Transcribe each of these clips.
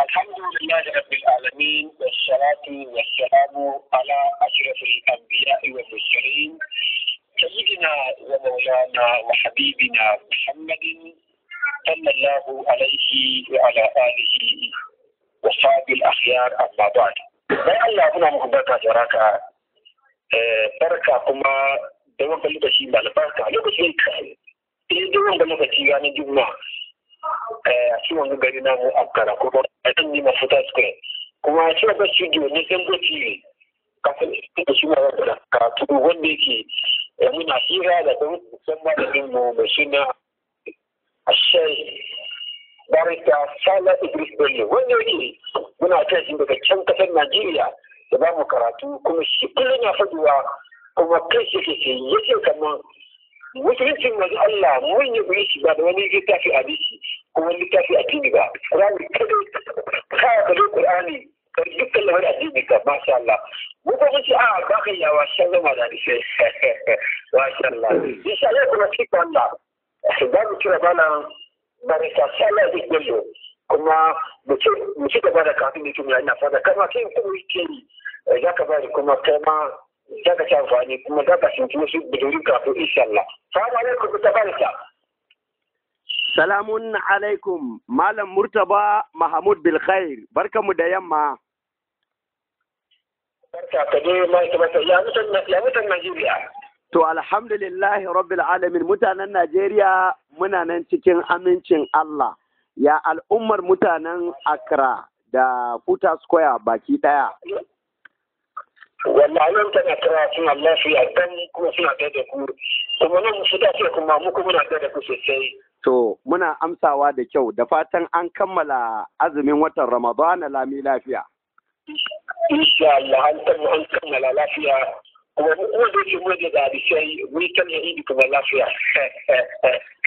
الحمد لله رب العالمين والصلاة والسلام على أشرف الأنبياء والمرسلين سيدنا ومولانا وحبيبنا محمد صلى الله عليه وعلى آله وصحبه الأخيار أما بعد bayan الله هنا muku barka آه، بركة كما دوما kuma شيء wanda lokaci da albarka lokacin kai eh da wanda lokaci Eh, a ciwon gari na mu ankara ko ba a nan ne mafuta square kuma ciwon ga studio na zango tv kafin da shi ma wadda karatu wanda yake eh, muna hira da kuma musamman da mu mai suna a shai barista sala idris bello wanda yake muna kai daga can kasar najeriya da ba mu karatu kuma shi kullum ya faduwa kuma kai shi ke yake kamar musulunci manzo Allah mun yi yi shi ba da wani littafi a biki ko wani littafi a tini ba Qur'ani kada ka ka kur'ani Qur'ani ka dukkan a tini ka masha Allah mu ko mun ce a ah, ba kai ya wa shan zama da shi masha Allah insha Allah kuma ki Allah da mu kira bana barka sallah da kullu kuma mu ci gaba da kafin mutum ya ina fada kama kai kuma yake ni ka bari kuma kai ma daga ka ci amfani kuma za ka shinci wasu budurun kafin insha Allah. Salamu alaikum ta barka. Salamun alaikum Malam Murtaba Mahamud Bilkhair barkamu da yamma. Barka ka je ya mutan Najeriya. To alhamdulillahi rabbil alamin mutanen Najeriya muna nan cikin amincin Allah ya al'ummar mutanen Accra da Futa Square baki ɗaya. wallahi nan tana kira suna lafiya dan kuma suna da da ku kuma nan su da ke kuma mu kuma na da da ku sosai to muna amsawa da kyau da fatan an kammala azumin watan ramadana lami lafiya insha Allah an kammala lafiya kuma mu kuma da ke mu da da sai mu kan yi kuma lafiya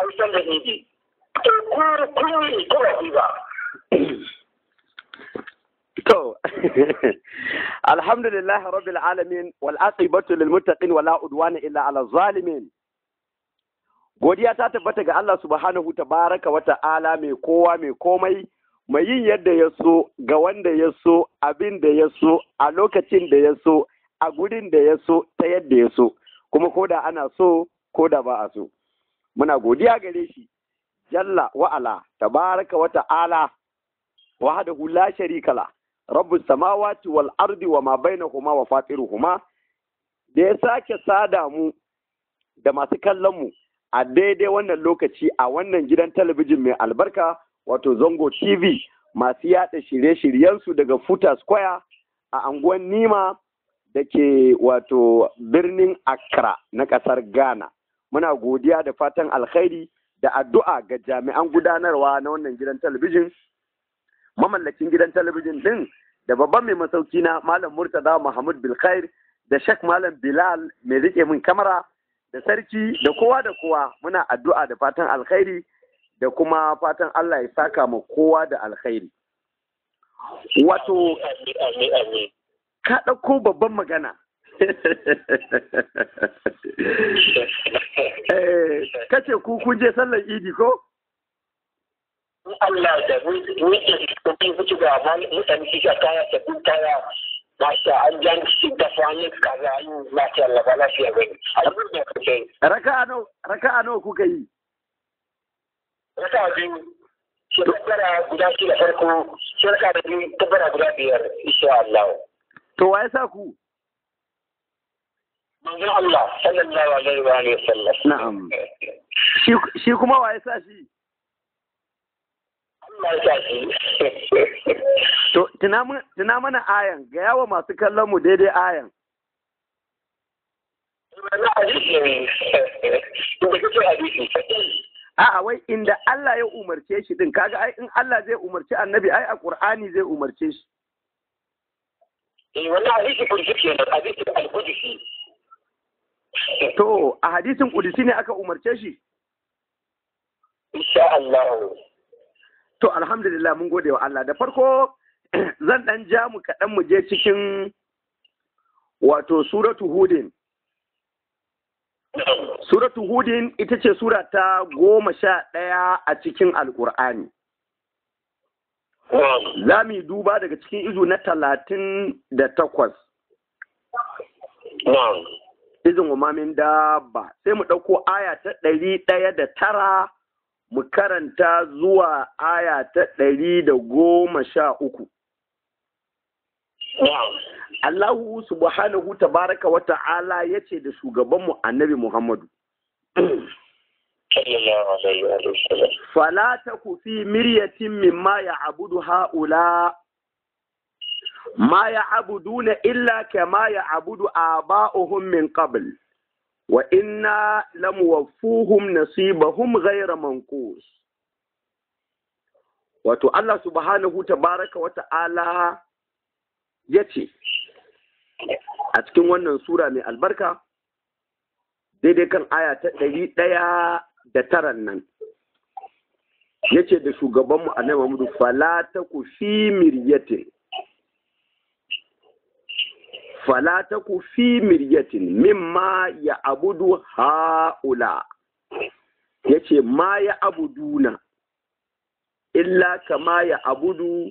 hausan da hindi to ba wal aqibatu lil muttaqin wala udwana illa Godiya ta tabbata ga Allah subhanahu baraka wa ta'ala mai kowa mai komai mai yin yadda ya so ga wanda ya so abin da ya so a lokacin da ya so a gurin da ya so ta yadda ya so kuma ko da ana so ko da ba a so. muna godiya gare shi jalla wa'ala, ala tabaraka wa ta'ala wahdahu la sharika la rabbus samawati wal ardi wa ma bainahuma wa fatiruhuma da ya sake sada mu da masu kallon mu a daidai wannan lokaci a wannan gidan talabijin mai albarka wato Zongo tv masu yaɗa shirye-shiryensu daga futa square a anguwan nima da ke wato birnin accra na ƙasar ghana muna godiya da fatan alkhairi da addu'a ga jami'an gudanarwa na wannan gidan talabijin mamallakin gidan talabijin din da babban mai masauki na malam Murtala muhammad bilkhair da shek malam bilal mai rike min kamara da sarki da kowa da kowa muna addu'a da fatan alkhairi da kuma fatan allah ya saka ma kowa da alkhairi wato ka ɗauko babban magana Eh, kace ku kun je sallar idi ko Allah da wuce kuɗi wuce ga mutane shi ka kaya ta kun kaya masha an jan shi da fani kaza yi masha Allah ba lafiya bane alhamdulillah kuke raka'a kuka yi raka'a biyu shekara guda shida farko shekara biyu tabbara guda biyar insha Allah to wa ya sa ku manzon Allah sallallahu alaihi wa alihi wasallam na'am shi shi kuma waye sa shi Allah ya sa shi to tuna mana ayan ga yawa masu kallon mu daidai ayan A'a wai inda Allah ya umarce shi din kaga ai in Allah zai umarci annabi ai a Qur'ani zai umarce shi. Eh wannan hadisi kurji kenan hadisi al-Qudsi To, a hadisin kudisi ne aka umarce shi? Insha Allah. To, alhamdulillah mun gode wa Allah. Da farko, zan ɗan ja mu kaɗan mu je cikin wato Suratu Hudin. Suratu Hudin ita ce surata ta goma sha ɗaya a cikin Alƙur'ani. Za mu duba daga cikin izu na talatin da takwas. izin umamin dabba sai mu ɗauko aya ta ɗari ɗaya da tara mu karanta zuwa aya ta ɗari da goma sha uku. Allahu subhanahu tabaraka wa ta'ala ya ce da shugabanmu annabi Muhammadu. Fala ta ku fi miryatin mimma ya abudu ha'ula ma ya duna illa kama ya abudu aba'uhum min qabl wa inna lam waffuhum nasibahum ghayra manqus wato Allah subhanahu tabaraka wa ta'ala yace a cikin wannan sura mai albarka daidai kan aya ta ɗari ɗaya da taran nan yace da shugabanmu annabi Muhammad fala taku fi miryatin fala taku fi miryatin min ma ya abudu ha'ula Ya ce ma ya abuduna illa kama ya abudu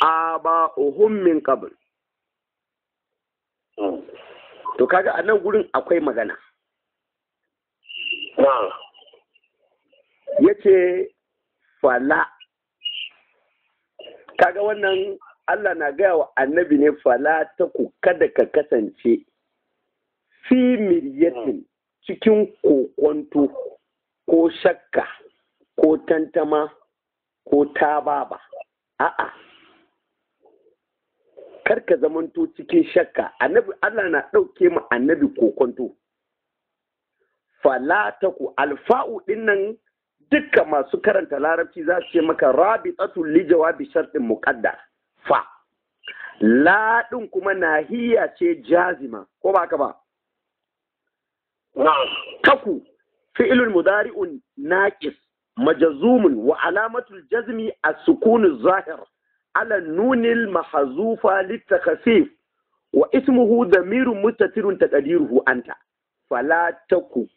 a aba'uhum min kabin to kaga a nan gurin akwai magana Ya ce fala kaga wannan Allah na gaya wa annabi ne fala ta ku kada ka kasance fi miryatin cikin kokonto ko shakka ko tantama ko tababa a'a kar ka zamanto cikin shakka annabi Allah na ɗauke mu annabi kokonto fala ta ku alfa'u dinnan dukka masu karanta larabci za su ce maka rabitatu li jawabi shartin muqaddar fa la ɗin kuma nahiya ce jazima ko ba ka ba kaku fi'ilun mudari'un naqis majazumun wa alamatul jazmi as-sukun zahir ala nunil mahzufa litakasif wa ismuhu damirun mustatirun taqdiruhu anta fala taku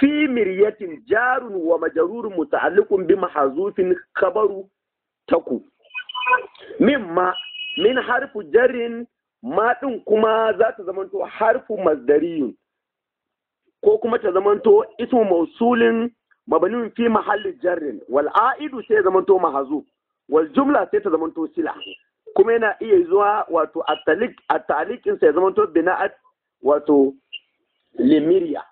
fi miryatin jarun wa majrurun muta'alliqun bi mahzufin khabaru taku min ma min harfu jarin ma ɗin kuma za ta zamanto harfu mazdariyun ko kuma ta zamanto ismu mausulin mabanin fi mahallin jarin wal'a'idu sai zamanto mahazu wal jumla sai ta zamanto sila kuma yana iya zuwa wato a talikin sai zamanto bina'at wato limiriya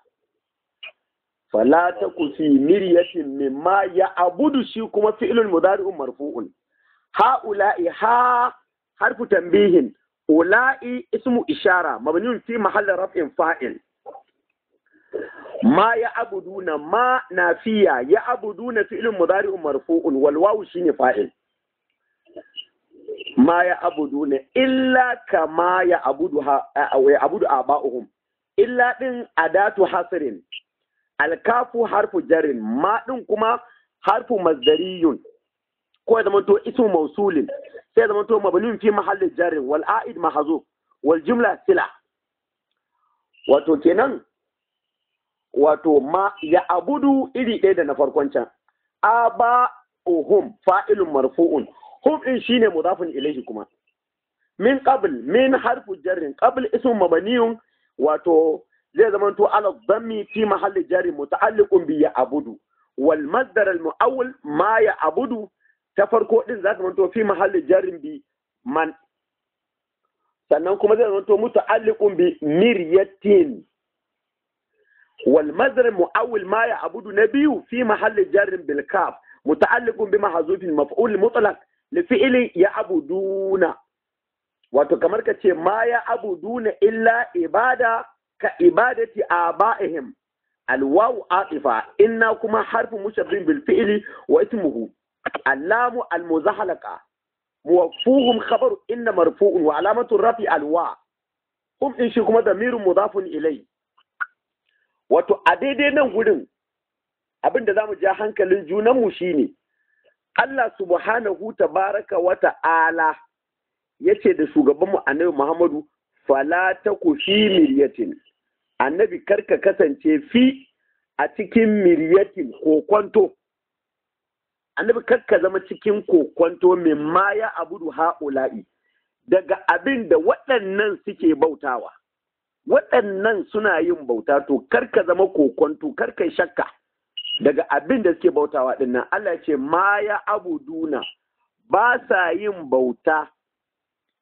fala ta kusi miryatin mimma ya abudu shi kuma fi'ilul mudari'un marfu'un ha'ula'i ha harfu tambihin ula'i ismu ishara mabniun fi mahallin raf'in fa'il ma ya abuduna ma nafiya ya abuduna fi'lun mudari'un marfu'un wal wawu shine fa'il ma ya abuduna illa kama ya abudu ha ya illa din adatu hasrin alkafu harfu jarin ma ɗin kuma harfu masdariyun ko ya zamanto ismu mausulin sai ya zamanto mabnin fi mahallin jarin wal a'id mahzuf wal jumla sila wato kenan wato ma ya abudu iri ɗaya da na farkon can aba uhum fa'ilun marfu'un hum din shine mudafun ilaihi kuma min qabl min harfu jarrin qabl ismu mabaniyun wato zai zamanto ala dhammi fi mahalli jarri muta'alliqun bi ya abudu wal masdar al mu'awwal ma ya abudu ta farko din za ta manto fi mahalli jarin bi man sannan kuma zai manto muta'alliqun bi miryatin wal mazr mu'awwil ma ya abudu na fi mahalli jarin bil kaf muta'alliqun bi mahzufin maf'ul mutlaq li fi'li ya abuduna wato kamar ka ce ma ya abuduna illa ibada ka ibadati aba'ihim الواو عاطفة inna كما حرف مشبه بالفعل واسمه allamu almuzahalaka muwaffuhum khabaru inna marfu'un wa alamatu rafi alwa hum in shi kuma damirun mudafun ilai wato a daidai nan gurin abin da zamu ja hankalin junanmu shine Allah subhanahu baraka wata ala!" yace da shugabanmu Annabi Muhammadu fala ku fi miryatin annabi karka kasance fi a cikin miryatin ko kwanto annabi kakka zama cikin kokwanto mai maya abudu ha'ula'i daga abin da waɗannan suke bautawa waɗannan suna yin bauta to karka zama kokwanto karka shakka daga abin da suke bautawa dinnan Allah ce maya abuduna ba sa yin bauta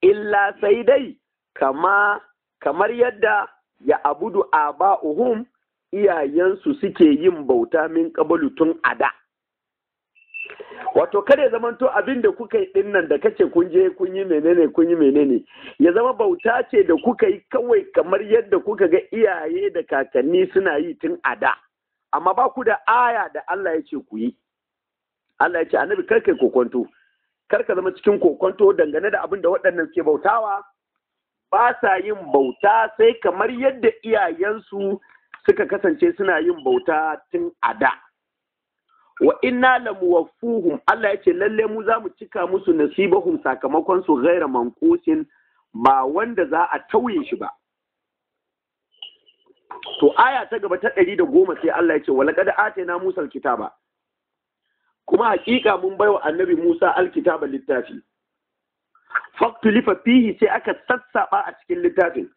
illa sai dai kama kamar yadda ya abudu aba'uhum iyayensu suke yin bauta min kabalu tun ada wato kada ya zamanto abin da kuka yi dinnan da kace kun je kun yi menene kun yi menene ya zama bauta ce da kuka yi kawai kamar yadda kuka ga iyaye da kakanni suna yi tun a da amma ba ku da aya da Allah ya ce ku yi Allah ya ce annabi kar kai kokonto kar ka zama cikin kokonto dangane da abin da waɗannan suke bautawa ba sa yin bauta sai kamar yadda iyayensu suka kasance suna yin bauta tun a da wa inna muwaffuhum Allah ya ce lalle mu za mu cika musu nasibahum sakamakon su gaira manqusin ba wanda za a tauye shi ba to aya ta gaba ta ɗari da goma sai Allah ya ce walaqad atayna Musa alkitaba kuma hakika mun baiwa annabi Musa alkitaba littafi faktulifa fihi sai aka sassaba a cikin littafin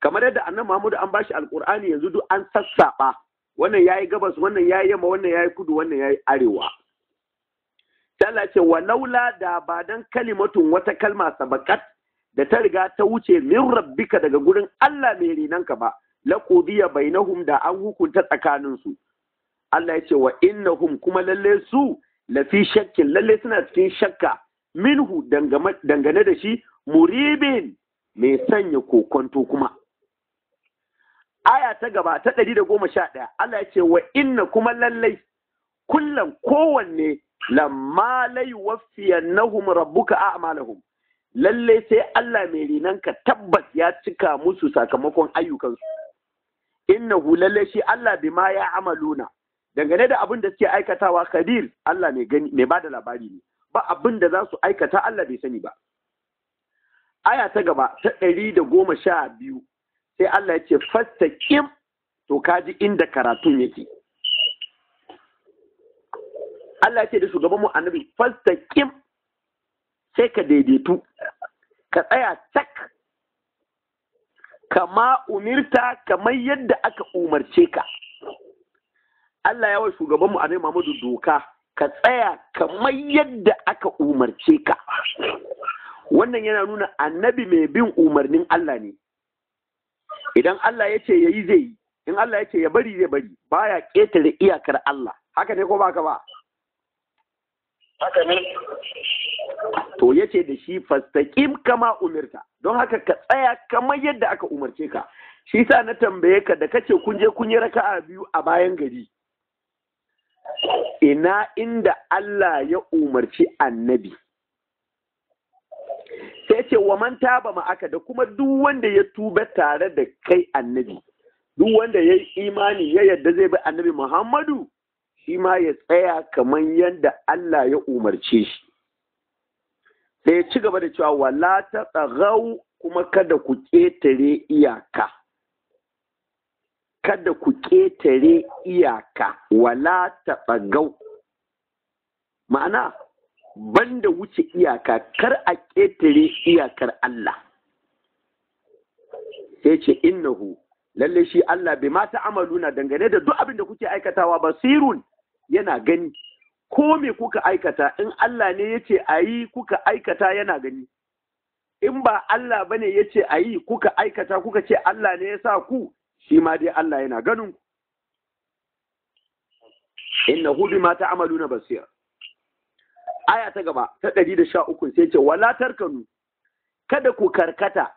kamar yadda annabi Muhammad an bashi alqur'ani yanzu duk an sassaba wannan yayi gabas wannan yayi yamma wannan yayi kudu wannan yayi arewa Allah ce wa laula da ba dan kalimatun wata kalma sabakat da ta riga ta wuce min rabbika daga gurin Allah mai ka ba la qudiya bainahum da an hukunta tsakanin su Allah ya ce wa innahum kuma lalle su lafi shakkin lalle suna cikin shakka minhu dangane da shi muribin mai sanya kokonto kuma aya ta gaba ta ɗari da goma sha ɗaya Allah ya ce wa inna kuma lallai kullum kowanne lamma lai nahum rabbuka a'malahum lallai sai Allah mai rinan ka tabbas ya cika musu sakamakon ayyukansu Inna hu lallai shi Allah ma ya amaluna dangane da abin da suke aikatawa kadir Allah mai gani mai bada labari ne ba abin da za su aikata Allah bai sani ba aya ta gaba ta ɗari da goma sha biyu sai Allah ya ce fastaqim to kaji inda karatun yake Allah ya ce da shugaban mu annabi fastaqim sai ka daidaitu ka tsaya tak kama umirta kamar yadda aka umarce ka Allah ya wa shugaban mu annabi Muhammadu doka ka tsaya kamar yadda aka umarce ka wannan yana nuna annabi mai bin umarnin Allah ne idan Allah ya ce ya yi zai yi in Allah ya ce ya bari zai bari baya ƙetare iyakar Allah haka ne ko ba ba haka ne to ya ce da shi fastaƙim kama umirta don haka ka tsaya kamar yadda aka umarce ka shi sa na tambaye ka da kace kun je kun yi raka'a biyu a bayan gari ina inda Allah ya umarci annabi Yace ce wa man taba aka da kuma duk wanda ya tuba tare da kai annabi duk wanda ya yi imani ya yadda zai bi annabi Muhammadu shi ma ya tsaya kamar yadda Allah ya umarce shi sai ya ci gaba da cewa wala ta tsagau kuma kada ku ƙetare iyaka kada ku ƙetare iyaka wala ta tsagau ma'ana banda wuce iyaka kar a ƙetare iyakar Allah sai ce innahu lalle shi Allah bai mata amaluna dangane da duk abin da kuke aikatawa basirun yana gani ko me kuka aikata in Allah ne yace ayi kuka aikata yana gani in ba Allah bane yace ayi kuka aikata kuka ce Allah ne ya sa ku shi ma dai Allah yana ganin ku innahu bima ta'maluna basir aya ta gaba ta ɗari da sha uku sai ce wala tarkanu kada ku karkata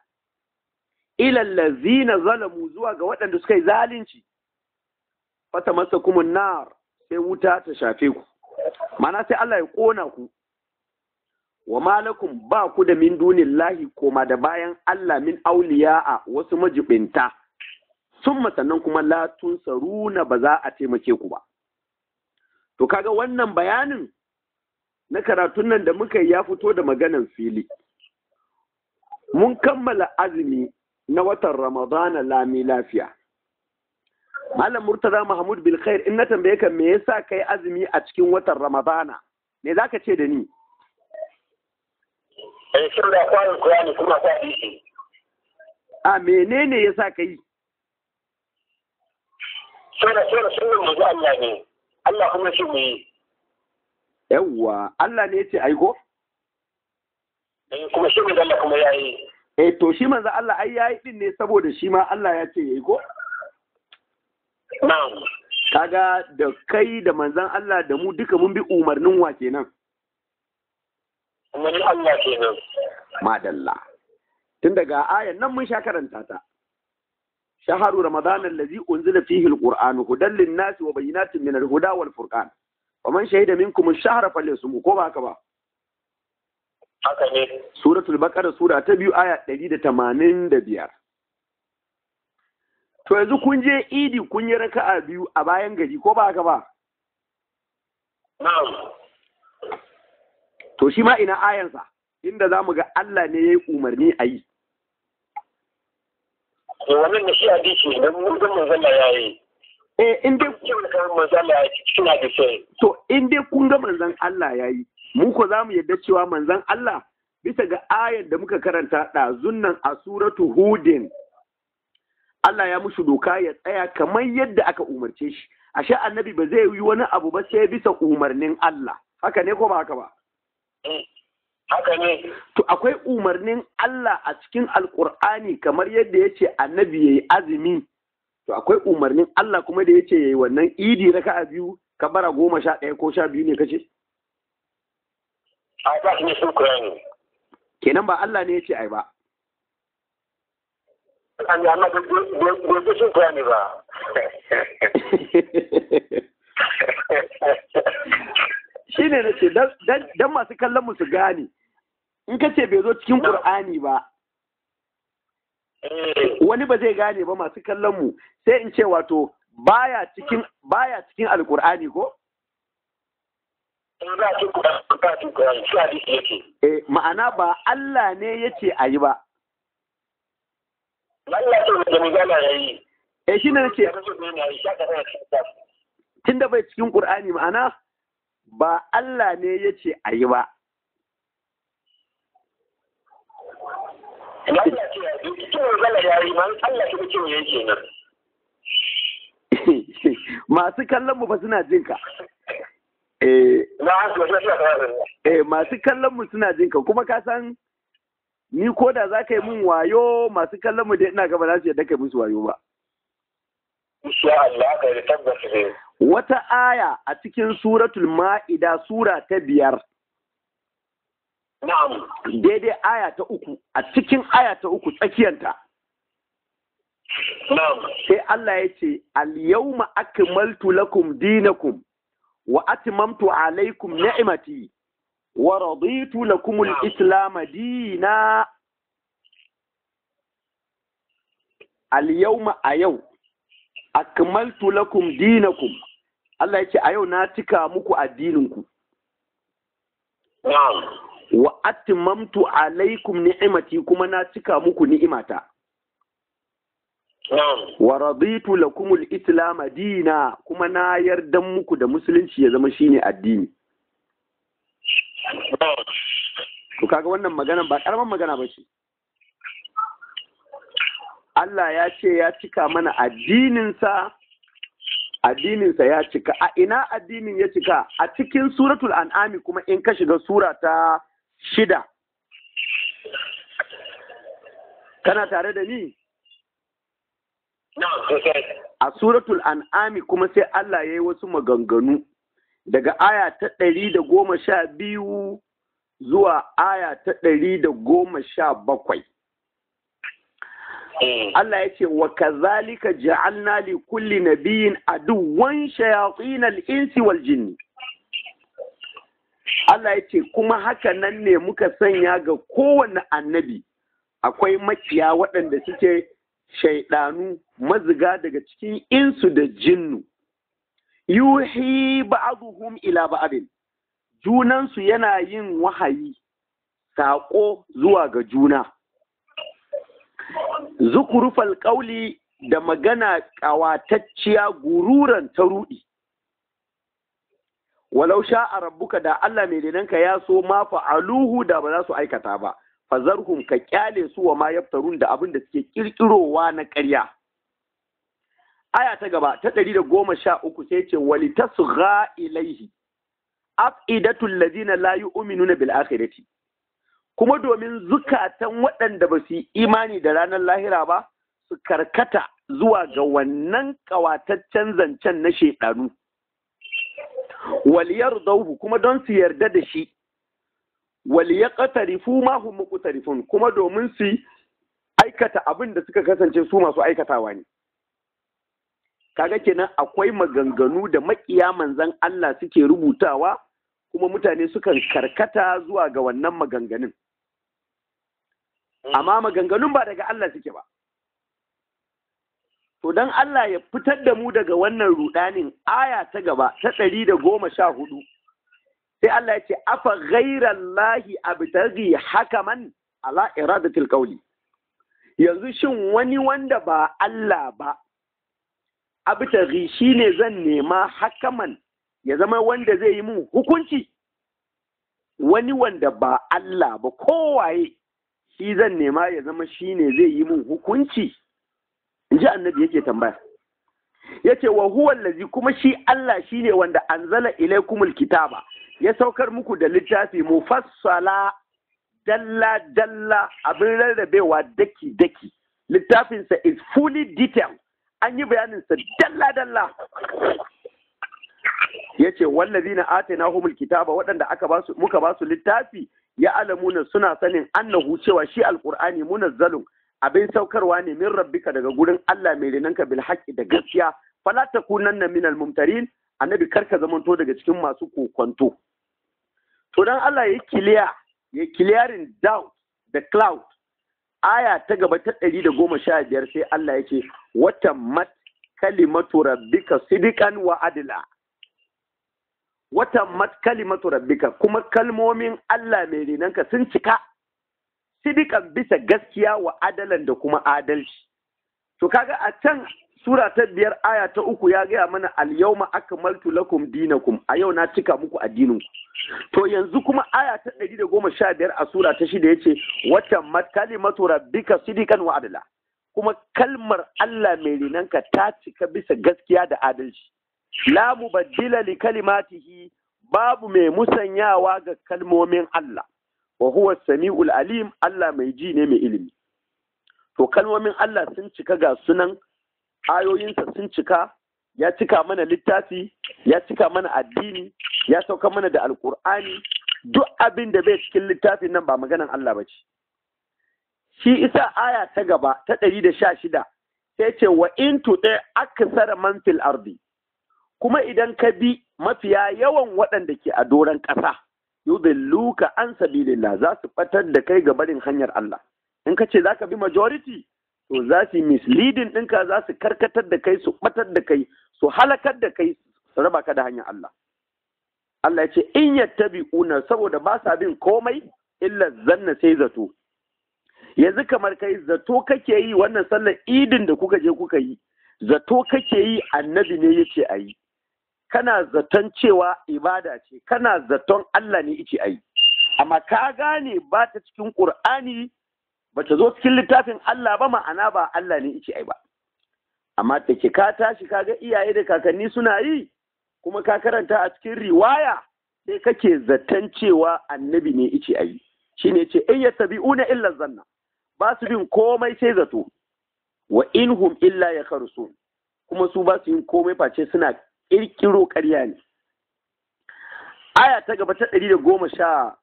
ilallazi na zalamu zuwa ga waɗanda suka yi zalunci fata masa kuma nar sai wuta ta shafe ku mana sai Allah ya ƙona ku wa malakun ba ku da min lahi koma da bayan Allah min a wasu majibinta sun sannan kuma latun saruna ba za a taimake ku ba to kaga wannan bayanin na karatun nan da muka yi ya fito da maganan fili mun kammala azumi na watan ramadana lami lafiya malam Murtala mahmud bilkhair in na tambaye ka me yasa kai azumi a cikin watan ramadana me zaka ce da ni eh shin da kwarin ne, kuma kwa a menene sura sura sunan manzo Allah ne Allah kuma shi mu yi yawwa Allah ne ya ce aiko eh, kuma shi manzo Allah kuma yayi eh to shi manzo Allah ai yayi din ne saboda shi ma Allah ya ce yayi ko na'am kaga da kai da manzan Allah da mu duka mun bi umarnin wa kenan umarnin Allah kenan madalla tun daga ayan nan mun sha karanta ta shaharu ramadan allazi unzila fihi alquran hudan linnasi wa bayyinatin min alhuda wal furqan ومن شهد منكم الشهر فليصمه ko ba haka ba haka ne suratul baqara sura ta biyu aya 185 to yanzu kun je idi kun raka'a biyu a bayan gari ko ba ba to shi ma ina ayansa inda za mu ga Allah ne ya yi umarni a yi Eh in dai kun ga manzan Allah ya To in dai kun manzon Allah ya yi mu ko za mu yarda cewa manzan Allah bisa ga ayar da muka karanta ɗazun nan a suratu hudin Allah ya musu doka ya tsaya kamar yadda aka umarce shi ashe annabi ba zai yi wani abu ba sai bisa umarnin Allah haka ne ko ba haka ba eh, haka ne to akwai umarnin Allah a cikin Alƙur'ani kamar yadda ya ce annabi ya yi azumi to akwai umarnin Allah kuma da ya yayi wannan idi a biyu ka bara goma sha ɗaya ko sha biyu ne kace A ba shi ne shukurani. kenan ba Allah ne yace ai ba an ya ma da ba. Shi ne ba shine don dan masu kallon mu su gane in kace bai zo cikin Qur'ani ba wani ba zai gane ba masu kallon mu sai in ce wato baya cikin baya cikin alkur'ani ko Eh, ma'ana ba Allah ne ya ce a yi ba. Allah ce da mizana ya yi. Eh, shi ne yake. Tunda bai cikin Qur'ani ma'ana ba Allah ne ya ce a yi ba. masu kallon mu fa suna jin ka eh. eh masu kallon mu suna jin ka kuma ka san ni ko da za ka yi min wayo masu kallon mu da ina gaba za su yadda kai musu wayo ba insha Allah ka yi tabbas ne wata aya a cikin suratul ma'ida sura ta biyar daidai aya ta uku a cikin aya ta uku tsakiyanta sai Allah ya ce al-yawma akmaltu lakum dinakum wa atmamtu alaikum ni'mati wa raditu lakum al-islam dina al-yawma a yau akmaltu lakum dinakum Allah ya ce a yau na cika muku addininku wa atimamtu alaikum ni'imati kuma na cika muku ni'imata wa raditu lakumul islam dina kuma na yarda muku da musulunci ya zama shine addini to kaga wannan magana ba karaman magana ba ce Allah ya ce ya cika mana addininsa addininsa ya cika a ina addinin ya cika a cikin suratul an'ami kuma in ka shiga surata. shida kana tare da ni a suratul an'ami kuma sai Allah ya yi wasu maganganu daga aya ta ɗari da goma sha biyu zuwa aya ta ɗari da goma sha bakwai eh. Allah ya ce wa kazalika ja'alna li kulli nabiyyin aduwwan shayatin al-insi wal jinni Allah ya ce kuma haka nan ne muka sanya ga kowane annabi akwai maciya waɗanda suke shaiɗanu maziga daga cikin insu da jinnu yuhi ba'aduhum ila ba'adin junansu yana yin wahayi saƙo zuwa ga juna zukurufal ƙauli da magana ƙawatacciya gururan ta ruɗi walau sha a rabbuka da Allah mai renanka ya so ma fa'aluhu da ba za su aikata ba fazarhum ka kyale su wa ma yaftarun da abin da suke kirkirowa na ƙarya aya ta gaba ta ɗari da goma sha uku sai ce wali ga ilaihi afidatul ladina la yu'minuna bil akhirati kuma domin zukatan waɗanda ba su yi imani da ranar lahira ba su karkata zuwa ga wannan ƙawataccen zancen na shaiɗanu waliyar dauhu kuma don su yarda da shi waliya ƙatarifu ma hum muqtarifun kuma domin su aikata abin da suka kasance su masu aikatawa ne kaga kenan akwai maganganu da makiya manzan Allah suke rubutawa kuma mutane sukan karkata zuwa ga wannan maganganun amma maganganun ba daga Allah suke ba to don Allah ya fitar da mu daga wannan rudanin aya ta gaba ta ɗari da goma sha hudu sai Allah ya ce afa ghairallahi abtaghi hakaman ala iradatil qawli yanzu shin wani wanda ba Allah ba abtaghi shine zan nema hakaman ya zama wanda zai yi mun hukunci wani wanda ba Allah ba kowaye shi zan nema ya zama shine zai yi mun hukunci in ji annabi yake tambaya Yace wa huwa kuma shi Allah shine wanda anzala ilaikumul kitaba ya saukar muku da littafi mufassala dalla dalla abin rarrabewa daki daki littafinsa is fully detailed an yi bayanin bayaninsa dalla dalla ya wallazi na ate kitaba waɗanda aka muka ba su littafi ya alamuna suna sanin annahu cewa shi alƙur'ani munazzalun abin saukarwa ne min rabbika daga gurin Allah mai renanka bil haqqi da gaskiya fala takunanna minal mumtarin annabi karka zamanto daga cikin masu kokonto to dan Allah ya kiliya ya clearing doubt the cloud aya ta gaba ta ɗari da goma sha biyar sai Allah ya wata mat kalimatu rabbika sidikan wa adila wata mat kalimatu rabbika kuma kalmomin Allah mai renanka sun cika sidikan bisa gaskiya wa adalan da kuma adalci to kaga a can sura ta biyar aya ta uku ya gaya mana alyawma akmaltu lakum dinakum a yau na cika muku addinin ku to yanzu kuma aya ta ɗari da goma sha biyar a sura ta shida yace wata matura bika sidikan wa adala kuma kalmar Allah mai rinanka ta cika bisa gaskiya da adalci la mubaddila li kalimatihi babu mai musanyawa ga kalmomin Allah wa huwa sami'ul alim Allah mai ji ne mai ilimi to kalmomin Allah sun cika ga sunan ayoyinsa sun cika ya cika mana littafi ya cika mana addini ya sauka mana da alkur'ani duk abin da bai cikin littafin nan ba maganan Allah ba ce shi isa aya ta gaba ta ɗari da sha shida sai ce wa in tuɗe aksara man fil ardi kuma idan ka bi mafiya yawan waɗanda ke a doron ƙasa yudilluka an sabilillah za su batar da kai ga barin hanyar Allah in ka ce za ka bi majority to za su misleading ɗinka za su karkatar da kai su batar da kai su halakar da kai su raba ka da hanyar Allah Allah ya ce in yattabi'una saboda ba sa bin komai illa zanna sai zato yanzu kamar kai zato kake yi wannan sallar idin da kuka je kuka yi zato kake yi annabi ne yace ayi kana zaton cewa ibada ce kana zaton Allah ne ice ai amma ka gane ba ta cikin Qur'ani ba ta zo cikin littafin Allah ba ma'ana ba Allah ne ice ai ba amma da ke ka tashi ka ga iyaye da kakanni suna yi kuma ka karanta a cikin riwaya sai kake zaton cewa annabi ne ice ai shine ce in yattabi'una illa zanna ba su bin komai sai zato wa inhum illa ya kuma su ba su yin komai face suna ƙirƙiro ƙarya ne aya ta gaba ta ɗari da goma sha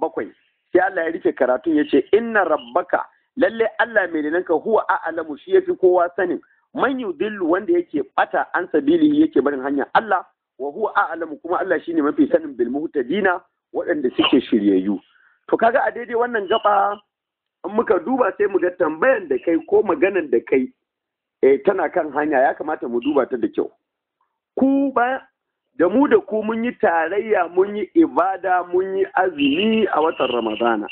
bakwai sai Allah ya rike karatun ya ce inna rabbaka lalle Allah mai nanka." huwa a'lamu shi yafi kowa sanin man yudillu wanda yake ɓata an sabili yake barin hanya. Allah wa huwa a'lamu kuma Allah shine mafi sanin bil dina waɗanda suke shiryayyu to kaga a daidai wannan gaba in muka duba sai mu ga tambayan da kai ko maganan da kai eh, tana kan hanya ya kamata mu duba ta da kyau ku ba da mu da ku mun yi tarayya mun yi ibada mun yi azumi a watan ramadana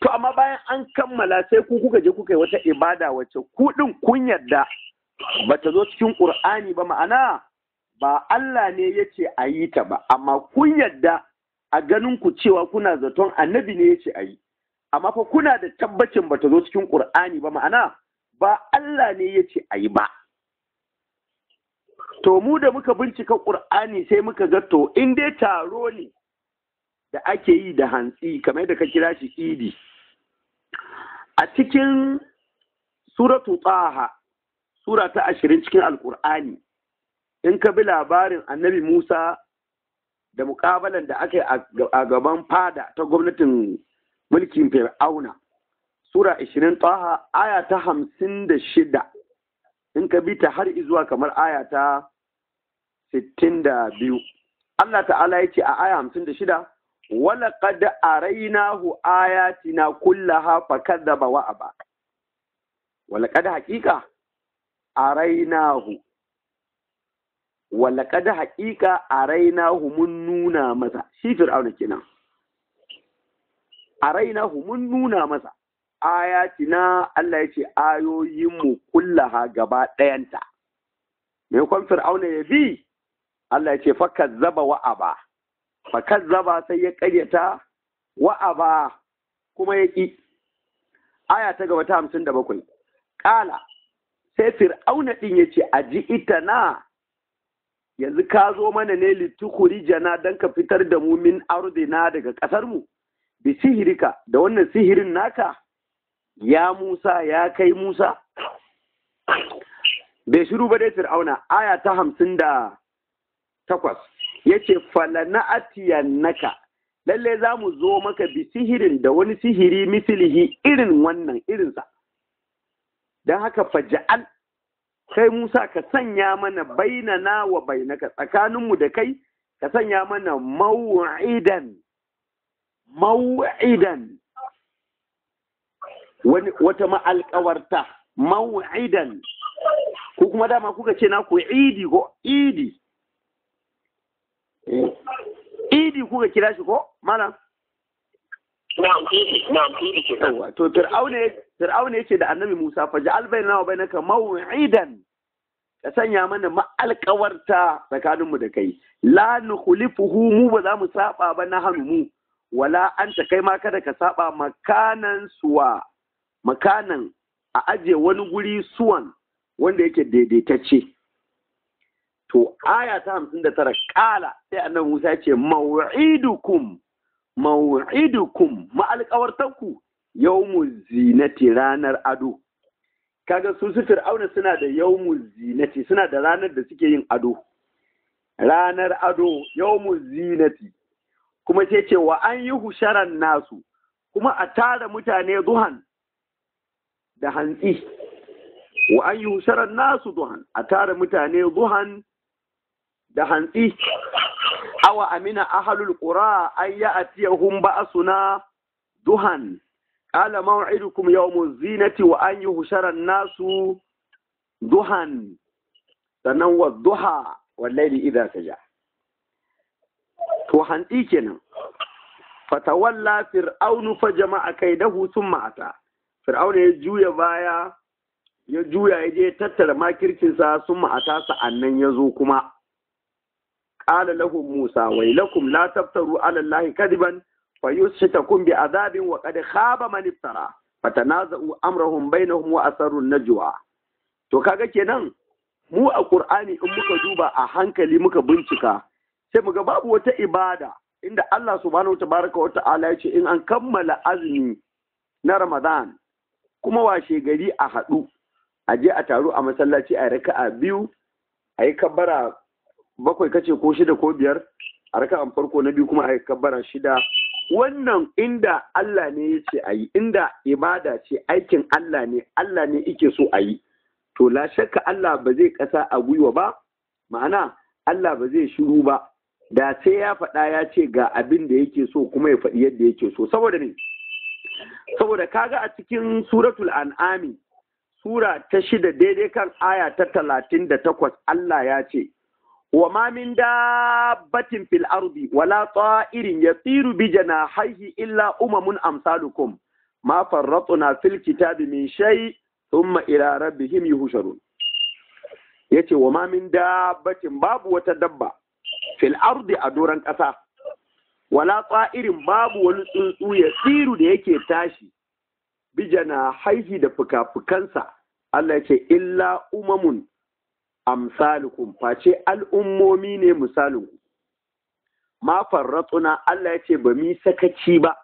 to amma bayan an kammala sai ku kuka je kuka yi wata ibada wacce ku din kun yarda ba ta zo cikin ƙur'ani ba ma'ana ba Allah ne ya ce a yi ta ba amma kun yarda a ganin ku cewa kuna zaton annabi ne ya ce a yi amma fa kuna da tabbacin ba ta zo cikin qur'ani ba ma'ana ba Allah ne ya ce a yi ba to mu da muka bincika ƙur'ani sai muka ga to in dai taro ne da ake yi da hantsi kamar yadda ka kira shi idi a cikin suratu tsaha sura ta ashirin cikin Alƙur'ani, in ka bi labarin annabi musa da muƙabalan da aka yi a gaban fada ta gwamnatin mulkin fir'auna sura ashirin tsaha aya ta hamsin da shida in ka bi ta har izuwa kamar aya ta sittin da biyu Allah ta'ala ya ce a aya hamsin da shida wala qad arainahu ayatina kullaha fakadzaba wa aba wala a haqiqa arainahu wala qad haqiqa arainahu mun nuna masa shi fir'auna kenan arainahu mun nuna masa ayatina Allah ya ce ayoyinmu kullaha gaba ɗayanta. Me kwan Fir'auna ya bi Allah ya ce fakazzaba wa aba zaba sai ya karyata wa'aba. kuma ya ƙi aya ta gaba ta hamsin da bakwai ƙala sai fir'auna ɗin ya ce a ji ita na yanzu ka zo mana ne littukuri jana don ka fitar da mu min ardina daga ƙasarmu bi sihirika da wannan sihirin naka ya musa ya kai musa bai shiru ba dai fir'auna aya ta hamsin da takwas ya yace naka, lalle za mu zo maka bi sihirin da wani sihiri misilihi irin wannan irinsa don haka faja'al kai Musa ka sanya mana bainana wa bainaka tsakaninmu da kai ka sanya mana maw'idan maw'idan wata ma'alƙawarta maw'idan ko kuma dama kuka ce na ku idi ko idi Eh. idi kuka kira shi ko mana to fir'auna yace da annabi Musa fa ja'al bainana wa bainaka maw'idan ka sanya mana ma'alƙawarta tsakanin mu da kai la nukhlifuhu mu ba za mu saba ba na hannu mu wala anta kai ma kada ka saba makanan suwa makanan a ajiye wani guri suwan wanda yake daidaitacce to aya ta hamsin da tara kala sai annabi Musa ya ce maw'idukum maw'idukum ma'alƙawartanku yawmu zinati ranar ado kaga su su fir'auna suna da yawmu zinati suna da ranar da suke yin ado ranar ado yawmu zinati kuma sai ce wa an yi husharan nasu kuma a tara mutane duhan da hantsi wa an yi husharan nasu duhan a tara mutane duhan da hantsi awa amina ahlul qura ay ya'tiyahum ba'suna duhan qala maw'idukum yawmuz zinati wa an yuhshara nasu duhan sannan wa duha wallahi idza saja to hantsi kenan fatawalla fir'aunu fajama'a jama'a kaidahu thumma ata fir'auna ya juya baya ya juya ya je tattara makircinsa sun ma'ata sa'annan ya zo kuma قال لهم musa wailakum لا تفتروا على الله كذبا fayushitakum بعذاب وقد wa من khaba فتنازعوا امرهم fatanaza'u amrahum النجوى wa to kaga kenan mu a qur'ani in muka duba a hankali muka bincika sai muga babu wata ibada inda Allah subhanahu tabaraka wa ta'ala ya ce in an kammala azumi na Ramadan kuma washe gari a haɗu a je a taru a masallaci a raka'a biyu a yi kabbara bakwai kace ko shida ko biyar a raka'an farko na biyu kuma a kabbara shida wannan inda Allah ne ya ce a yi inda ibada ce aikin Allah ne Allah ne ike so a yi to la shakka Allah ba zai kasa a gwiwa ba ma'ana Allah ba zai shiru ba da sai ya faɗa ya ce ga abin da yake so kuma ya faɗi yadda yake so saboda ne saboda kaga a cikin suratul an'ami sura ta shida daidai kan aya ta talatin da takwas Allah ya ce wa ma min dabbatin fil ardi wala ta'irin yatiru bi janahihi illa umamun amsalukum ma farratna na kitabi min shay thumma ila rabbihim yuhsharun yace wa ma babu wata dabba fil a doran ƙasa wala irin babu wani tsuntsu ya da yake tashi bijana haihi da fuka-fukansa Allah ce illa umamun amsalukum face al'ummomi ne misalin ma farratuna Allah ya ce ba mi sakaci ba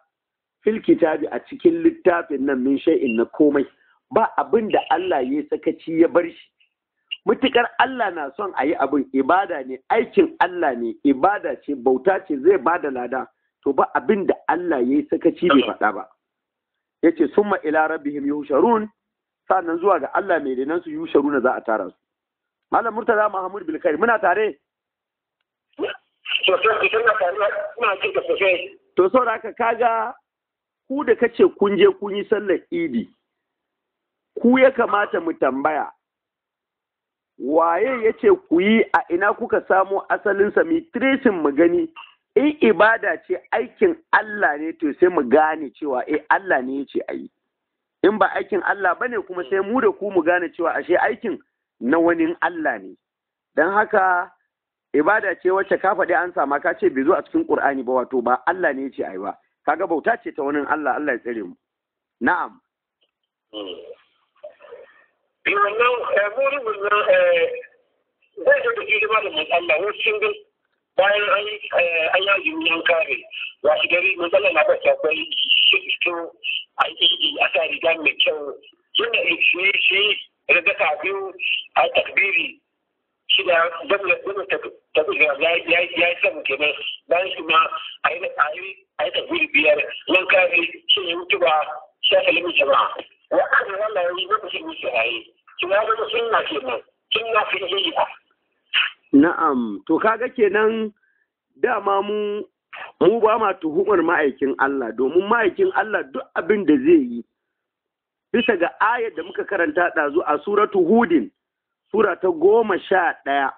fil kitabi a cikin littafin nan min sha'in na komai ba abin da Allah ya sakaci ya bar shi mutukar Allah na son a yi abin ibada ne aikin Allah ne ibada ce bauta ce zai ba da lada to ba abin da Allah ya yi sakaci bai faɗa ba ya ce summa ila rabbihim yusharun sannan zuwa ga Allah mai renan su yusharuna za a tara su Malam Murtala Mahmud Bilkari muna tare. To da haka kaga ku da kace kun je kun yi sallar Idi. Ku ya kamata mu tambaya waye ya ce ku yi a ina kuka samo asalin sami tresin mu gani in ibada ce aikin Allah ne to sai mu gane cewa eh Allah ne yace ce in ba aikin Allah bane kuma sai mu da ku mu gane cewa ashe aikin na wani Allah ne don haka ibada ce wacce ka faɗi an sama ka ce bai zo a cikin ƙur'ani ba wato ba Allah ne ce ai ba kaga bauta ce ta wani Allah Allah ya tsere mu na'am da wasu bayan an an ya yankari. kare wasu gari mun na bata akwai shi to an yi a sa riga mai kyau yana shi shi ragaka biyu a takbiri shida wanda takbiri ya yi samu kenan bayan shi ma a yi takbiri biyar nan kare shi ne mutu ba shafa limin jama'a wa aka wanda ya yi wanda shi ne shi yi shi ma zama sunna kenan sunna fi yi ba. Na'am, to kaga kenan dama mu mu ba ma tuhumar ma'aikin Allah domin ma'aikin Allah duk abin da zai yi bisa ga ayar da muka karanta ɗazu a suratu hudin sura ta goma sha ɗaya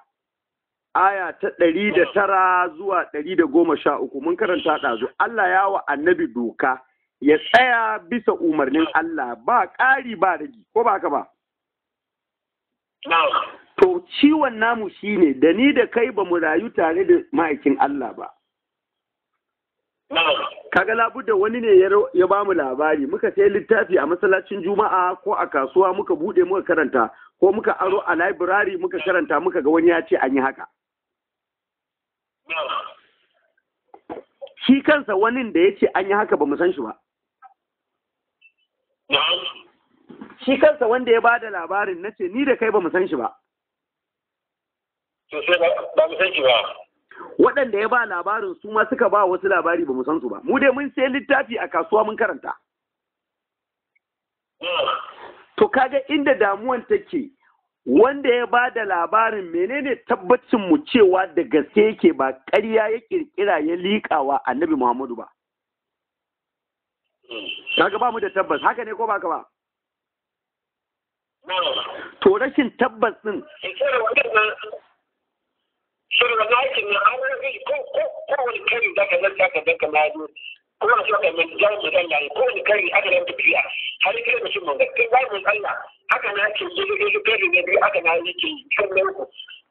aya ta ɗari da tara zuwa ɗari da goma sha uku mun karanta ɗazu Allah ya wa annabi doka ya tsaya bisa umarnin Allah ba ƙari ba ragi ko ba ka ba to ciwon namu shine da ni da kai ba mu rayu tare da ma'aikin Allah ba kaga labudda wani ne ya ba mu labari muka sai littafi a masallacin juma'a ko a kasuwa muka bude muka karanta ko muka aro a library muka karanta muka ga wani ya ce an yi haka shi kansa wani da ya ce an yi haka ba mu san shi ba shi kansa wanda ya ba da labarin na ce ni da kai ba ba mu san shi ba waɗanda ya ba labarin su ma suka ba wasu labari ba mu san su ba mu dai mun sai littafi a kasuwa mun karanta to kaga inda damuwan take wanda ya ba da labarin menene tabbacin mu cewa da gaske yake ba ƙarya ya ƙirƙira ya liƙawa annabi Muhammadu ba kaga ba mu da tabbas haka ne ko ba ka ba to rashin tabbas din shirin da aikin na an rabi ko ko ko wani kari da ka zanta ka zanta ma yado ko wani shi mai jami mai dalla ko wani kari aka nan tafiya har kai da shin manga kai bai mun tsalla haka na yake yi yi yi kari ne bi haka na yake yi kan nan ku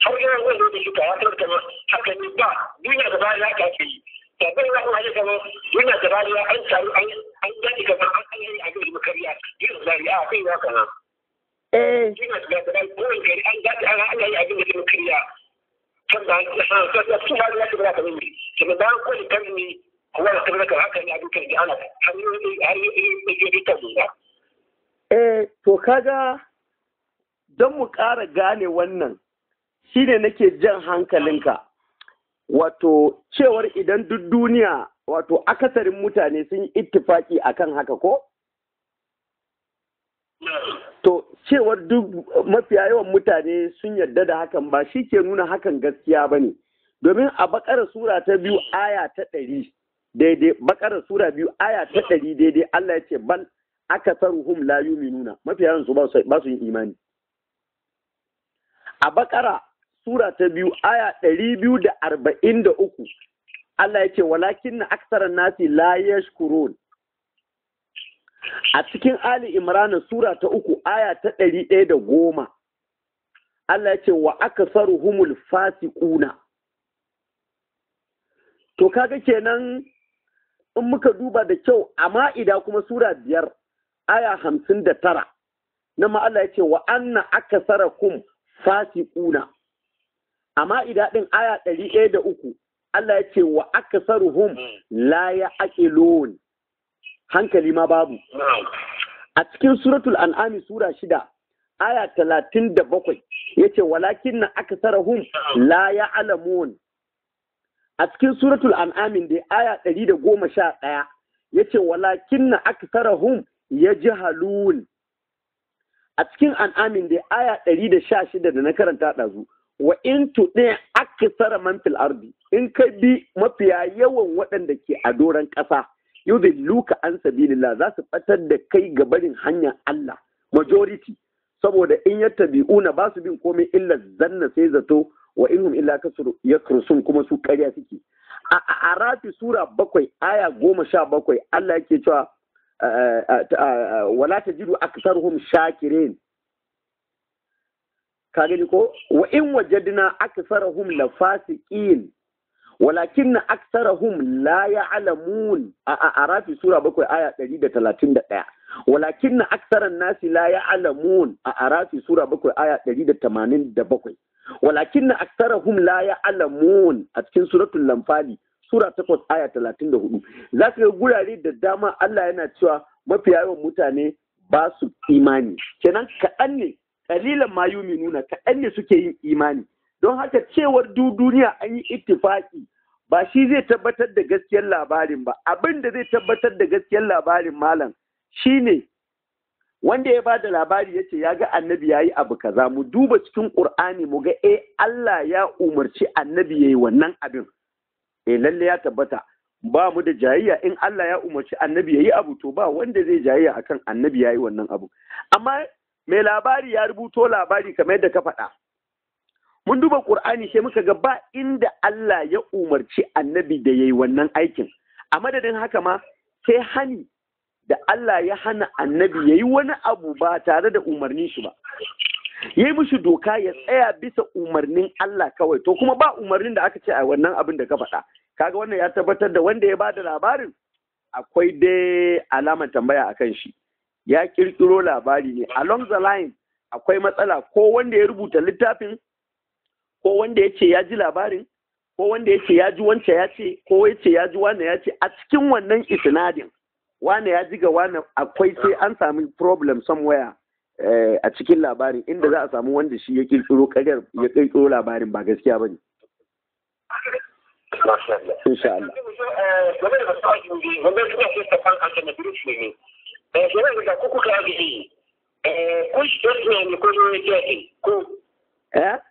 har yana wani da shi ya tarka ma haka ba duniya da haka ake yi da bai na kuma haka ma duniya da an taru an an gani kamar an an yi abin da makariya yin zari'a kai ya kana eh duniya da bari ko wani an gani an an yi abin da makariya da tunanin ya kibra ka mimi sannan bayan kowane kalmi kuma da kibra ka haka ne abin kan ana har yi da kan ba. Eh, to kaga don mu ƙara gane wannan shi ne nake jan hankalinka wato cewar idan duk duniya wato akasarin mutane sun yi ittifaki akan haka ko? To cewar duk mafiya yawan mutane sun yarda da hakan ba shi ke nuna hakan gaskiya ba ne. Domin a bakara sura ta biyu aya ta ɗari daidai bakara sura biyu aya ta ɗari daidai Allah ya ce bal aka taruhum la nuna mafiya yawan su ba su yin imani. A bakara sura ta biyu aya ɗari biyu da arba'in da uku Allah ya ce walakin na aksarar nasi la yashkurun a cikin ali imrana sura ta uku aya ta ɗari ɗaya da goma Allah ya ce wa aka humul fasiquna to kaga kenan in muka duba da kyau a ma'ida kuma sura biyar aya hamsin da tara na Allah ya ce wa anna aka sarakum fasiquna a ida ɗin aya ɗari ɗaya da uku Allah ya ce wa aka hum hmm. la ya aƙilon hankali ma babu a cikin suratul an'ami sura shida aya talatin da bakwai ya ce walakin na aka hun la ya alamun a cikin suratul an'amin da aya ɗari da goma sha ɗaya ya ce walakin na aka hun ya ji halun a cikin an'amin da aya ɗari da sha shida da na karanta ɗazu wa in tuɗe aka sara man ardi in ka bi mafiya yawan waɗanda ke a doron ƙasa yudilluka an sabilillah za su batar da kai ga barin hanyar Allah majority saboda in yattabi'una ba su bin komai illa zanna sai zato wa inhum illa kasru yakrusun kuma su karya suke a rafi sura bakwai aya goma sha bakwai Allah yake cewa wala tajidu aktharuhum shakirin ka gani ko wa in wajadna aktharuhum lafasiqin walakin na aksarahum la ya ya'lamun a arafi sura bakwai aya ɗari da talatin da ɗaya walakin na aksaran nasi la ya ya'lamun a arafi sura bakwai aya ɗari da tamanin da bakwai walakin na aksarahum la ya ya'lamun a cikin suratun lamfali sura takwas aya talatin da hudu za su yi gurare da dama Allah yana cewa mafi yawan mutane ba su imani kenan kaɗan ne kalilan ma nuna kaɗan ne suke yin imani don haka cewar du duniya an yi ittifaki ba shi zai tabbatar da gaskiyar labarin ba abin da zai tabbatar da gaskiyar labarin malam shi ne wanda ya ba da labari ya ce ya ga annabi ya yi abu kaza mu duba cikin ƙur'ani mu ga eh Allah ya umarci annabi ya yi wannan abin eh lalle ya tabbata ba mu da jayayya in Allah ya umarci annabi ya yi abu to ba wanda zai jayayya akan annabi ya yi wannan abu amma mai labari ya rubuto labari kamar yadda ka faɗa mun duba ƙur'ani sai muka ga ba inda Allah ya umarci annabi da ya yi wannan aikin a madadin haka ma sai hani da Allah ya hana annabi ya yi wani abu ba tare da umarnin shi ba ya yi mushi doka ya tsaya bisa umarnin Allah kawai to kuma ba umarnin da aka ce a wannan abin da ka faɗa kaga wannan ya tabbatar da wanda ya ba da labarin akwai dai alamar tambaya a kan shi ya kirkiro labari ne along the line akwai matsala ko wanda ya rubuta littafin ko wanda ya ce ya ji labarin ko wanda ya ce ya ji wance ya ce ko ya ce ya ji wane ya ce a cikin wannan isnadin wane ya ji ga wane akwai sai an sami problem somewhere eh, a cikin labarin inda za a samu wanda shi ya kirkiro karyar ya kirkiro labarin ba gaskiya bane insha Allah eh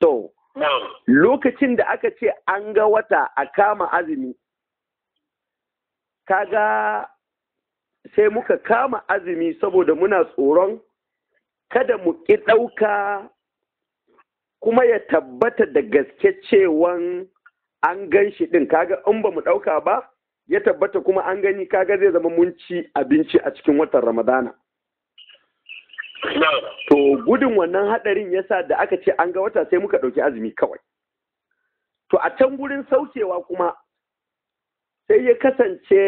To, lokacin da aka ce an ga wata a kama azumi, kaga sai muka kama azumi saboda muna tsoron kada mu ƙi ɗauka kuma ya tabbata da gaske cewan an gan shi ɗin kaga in ba mu ɗauka ba ya tabbata kuma an gani kaga zai zama mun ci abinci a cikin watan ramadana To gudun wannan haɗarin yasa da aka ce an ga wata sai muka ɗauki azumi kawai. To a can gurin saukewa kuma sai ya kasance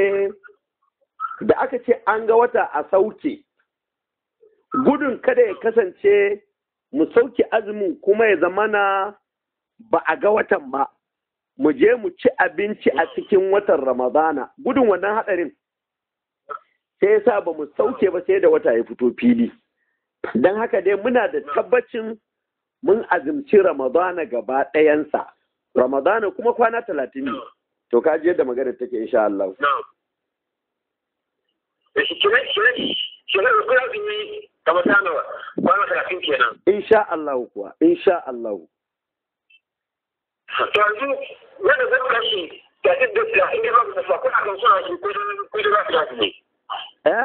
da aka ce an ga wata a sauke. Gudun kada ya kasance mu sauke azumin kuma ya zamana ba a ga watan ba. Mu je mu ci abinci a cikin watan Ramadana. Gudun wannan haɗarin sai ya sa ba mu sauke ba sai da wata ya fito fili. don haka dai muna da tabbacin mun azumci ramadana gaba ɗayansa ramadana kuma kwana talatin ne to ka je da magana take insha Allah insha Allah kuwa insha Allah to yanzu yadda zan kashi da duk da in ga ba su sako akan suna shi kudin kudin ba su ne eh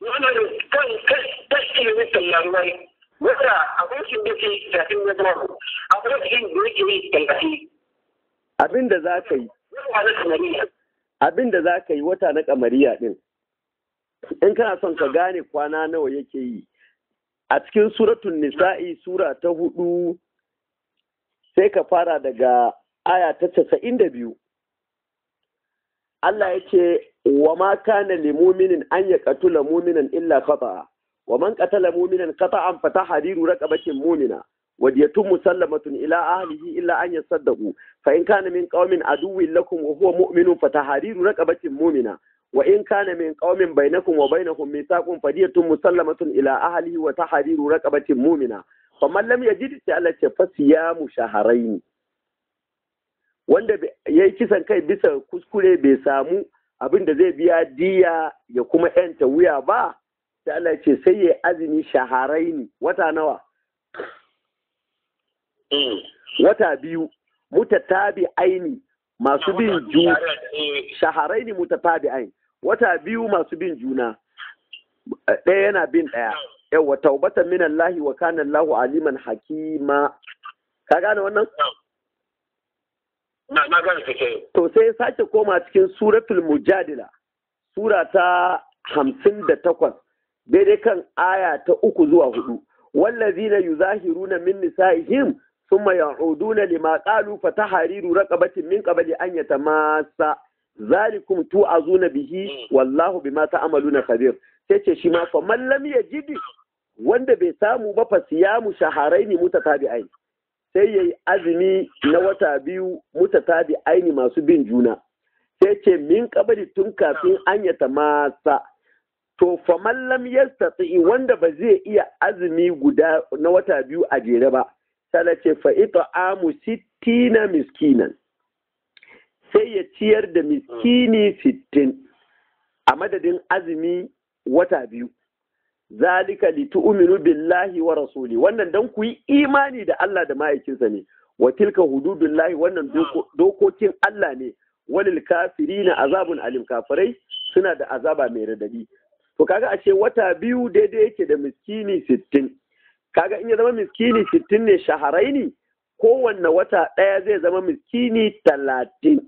wannan kan tashi ne tallaruwai wanda abokin da ke shafin na zama abokin da yake yi tallafi. Abin da za ka yi. Abin da za ka yi wata na kamariya din. In kana son ka gane kwana nawa yake yi. A cikin suratun nisa'i sura ta hudu sai ka fara daga aya ta casa'in da biyu. Allah ya ce wa ma kana li muminin an ya qatula muminan illa khata'a wa man qatala muminan qata'an fa tahriru raqabatin mumina wa diyatun musallamatun ila ahlihi illa an yasaddaqu fa in kana min qaumin aduwwin lakum wa huwa mu'minun fa tahriru raqabatin mumina wa in kana min qaumin bainakum wa bainahum mithaqun fa diyatun musallamatun ila ahlihi wa tahriru raqabatin mumina Fa faman lam yajid sai Allah ce fasiyamu shahrayn wanda ya yi kisan kai bisa kuskure bai samu abin da zai biya diya ya kuma yanta wuya ba sai Allah ce sai ya azumi shaharaini wata nawa hmm. wata biyu mutatabi aini masu bin juna eh. shaharaini mutatabi aini wata biyu masu bin juna ɗaya yana bin ɗaya yawa taubatan minan lahi wa kana Allahu aliman hakima ka gane wannan to sai ya sake koma cikin suratul mujadila sura ta hamsin da takwas daidai kan aya ta uku zuwa hudu wallazina na min nisa'ihim thumma ya'uduna lima qalu fatahariru raqabatin min kabali an masa! zalikum tu'azuna bihi hmm. wallahu bima ta'maluna khabir sai ce shi ma fa man lam yajid wanda bai samu ba fa ta shaharaini mutatabi'ain sai ya yi azumi na wata biyu muta tabi aini masu bin juna sai ce min kabari tun kafin an ya masa to mallam ya yastati wanda ba zai iya azumi guda na wata biyu a jere ba sana ce fa ita amu sittina miskinan sai ya ciyar da miskini sittin a madadin azumi wata biyu zalika li tu'minu billahi wa rasuli wannan dan ku yi imani da Allah da ma'aikinsa ne wa tilka hududullahi wannan dokokin Allah ne walil kafirina azabun alim kafirai suna da azaba mai radadi to kaga ashe wata biyu daidai yake da miskini sittin kaga in ya zama miskini sittin ne shaharaini kowanne wata ɗaya zai zama miskini talatin